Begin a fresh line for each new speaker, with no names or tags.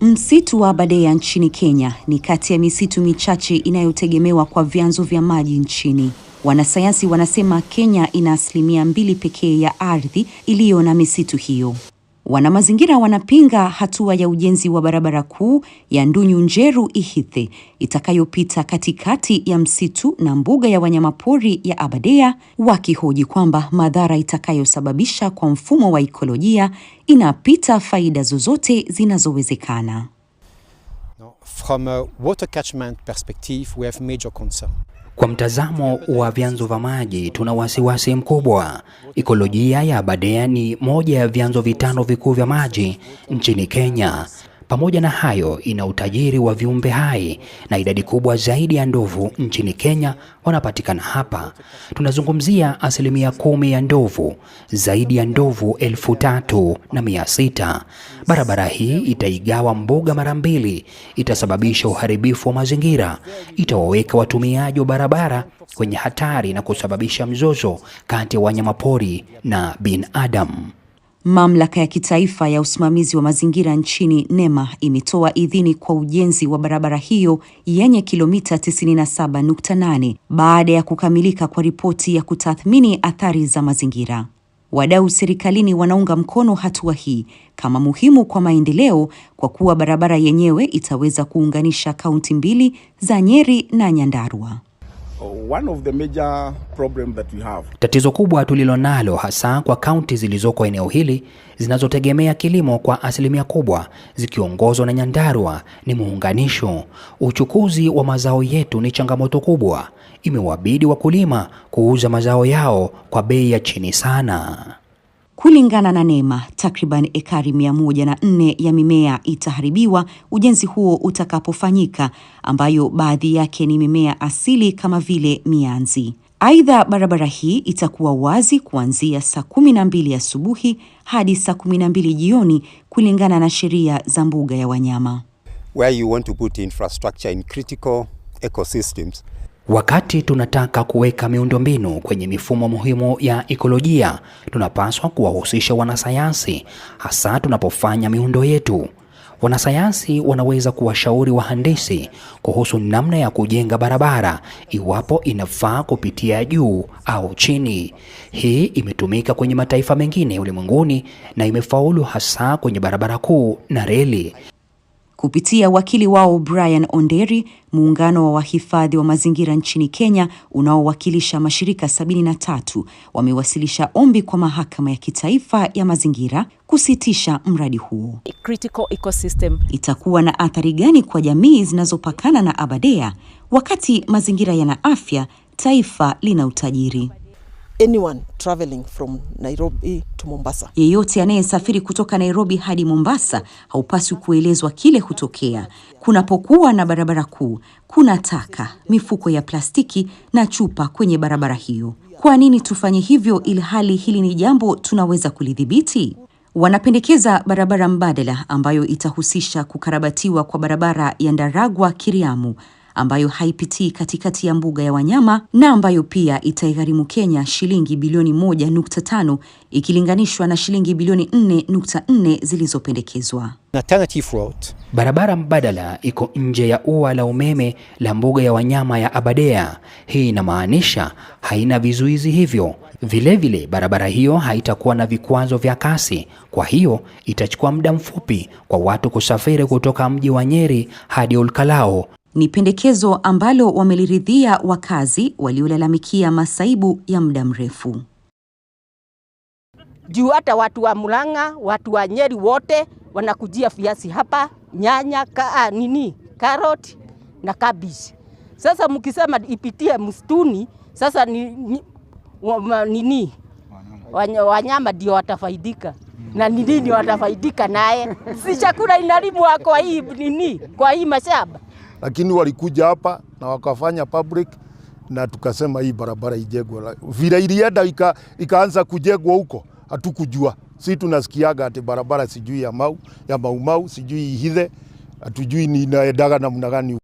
Msitu wa Aberdare nchini Kenya ni kati ya misitu michache inayotegemewa kwa vyanzo vya maji nchini. Wanasayansi wanasema Kenya ina asilimia mbili pekee ya ardhi iliyo na misitu hiyo. Wanamazingira wanapinga hatua ya ujenzi wa barabara kuu ya Ndunyu Njeru Ihithe itakayopita katikati ya msitu na mbuga ya wanyamapori ya Abadea, wakihoji kwamba madhara itakayosababisha kwa mfumo wa ikolojia inapita faida zozote zinazowezekana. From a water
catchment perspective, we have major concern. Kwa mtazamo wa vyanzo vya maji tuna wasiwasi mkubwa. Ikolojia ya Aberdare ni moja ya vyanzo vitano vikuu vya maji nchini Kenya pamoja na hayo, ina utajiri wa viumbe hai na idadi kubwa zaidi ya ndovu nchini Kenya wanapatikana hapa. Tunazungumzia asilimia kumi ya ndovu, zaidi ya ndovu elfu tatu na mia sita. Barabara hii itaigawa mbuga mara mbili, itasababisha uharibifu wa mazingira, itawaweka watumiaji wa barabara kwenye hatari na kusababisha mzozo kati ya wanyamapori na binadamu.
Mamlaka ya kitaifa ya usimamizi wa mazingira nchini NEMA imetoa idhini kwa ujenzi wa barabara hiyo yenye kilomita 97.8 baada ya kukamilika kwa ripoti ya kutathmini athari za mazingira. Wadau serikalini wanaunga mkono hatua hii kama muhimu kwa maendeleo kwa kuwa barabara yenyewe itaweza kuunganisha kaunti mbili za Nyeri na Nyandarua. One of the
major problem that we have. Tatizo kubwa tulilonalo hasa kwa kaunti zilizoko eneo hili zinazotegemea kilimo kwa asilimia kubwa zikiongozwa na Nyandarua ni muunganisho. Uchukuzi wa mazao yetu ni changamoto kubwa, imewabidi wakulima kuuza mazao yao kwa bei ya chini sana.
Kulingana na NEMA, takriban ekari mia moja na nne ya mimea itaharibiwa ujenzi huo utakapofanyika, ambayo baadhi yake ni mimea asili kama vile mianzi. Aidha, barabara hii itakuwa wazi kuanzia saa kumi na mbili asubuhi hadi saa kumi na mbili jioni kulingana na sheria za mbuga ya wanyama. Where you want to put infrastructure in
critical ecosystems Wakati tunataka kuweka miundombinu kwenye mifumo muhimu ya ikolojia, tunapaswa kuwahusisha wanasayansi, hasa tunapofanya miundo yetu. Wanasayansi wanaweza kuwashauri wahandisi kuhusu namna ya kujenga barabara, iwapo inafaa kupitia juu au chini. Hii imetumika kwenye mataifa mengine ulimwenguni na imefaulu hasa kwenye barabara kuu na reli.
Kupitia wakili wao Brian Onderi, muungano wa wahifadhi wa mazingira nchini Kenya unaowakilisha mashirika 73 wamewasilisha ombi kwa mahakama ya kitaifa ya mazingira kusitisha mradi huo. Critical ecosystem. Itakuwa na athari gani kwa jamii zinazopakana na Aberdare wakati mazingira yana afya, taifa lina utajiri? anyone traveling from Nairobi to Mombasa. Yeyote anayesafiri kutoka Nairobi hadi Mombasa haupaswi kuelezwa kile hutokea. Kunapokuwa na barabara kuu, kuna taka, mifuko ya plastiki na chupa kwenye barabara hiyo. Kwa nini tufanye hivyo ilhali hili ni jambo tunaweza kulidhibiti? Wanapendekeza barabara mbadala ambayo itahusisha kukarabatiwa kwa barabara ya Ndaragwa Kiriamu ambayo haipitii katikati ya mbuga ya wanyama na ambayo pia itaigharimu Kenya shilingi bilioni 1.5 ikilinganishwa na shilingi bilioni 4.4 zilizopendekezwa.
Barabara mbadala iko nje ya ua la umeme la mbuga ya wanyama ya Abadea. Hii inamaanisha haina vizuizi hivyo. Vilevile vile, barabara hiyo haitakuwa na vikwazo vya kasi, kwa hiyo itachukua muda mfupi kwa watu kusafiri kutoka mji wa Nyeri hadi Olkalao
ni pendekezo ambalo wameliridhia wakazi waliolalamikia masaibu ya muda mrefu.
Juu hata watu wa Murang'a, watu wa Nyeri wote wanakujia viazi hapa, nyanya ka, ah, nini karoti na kabichi. Sasa mkisema ipitie msituni, sasa ni, ni, wa, nini wanyama, ndio watafaidika na nini watafaidika naye, si chakula inalimwa kwa hii nini, kwa hii mashamba
lakini walikuja hapa na wakafanya public na tukasema hii barabara ijegwe. Vile ilienda ika, ikaanza kujegwa huko hatukujua. Si tunasikiaga ati barabara sijui ya mau ya maumau sijui ihidhe hatujui inaendaga namna gani.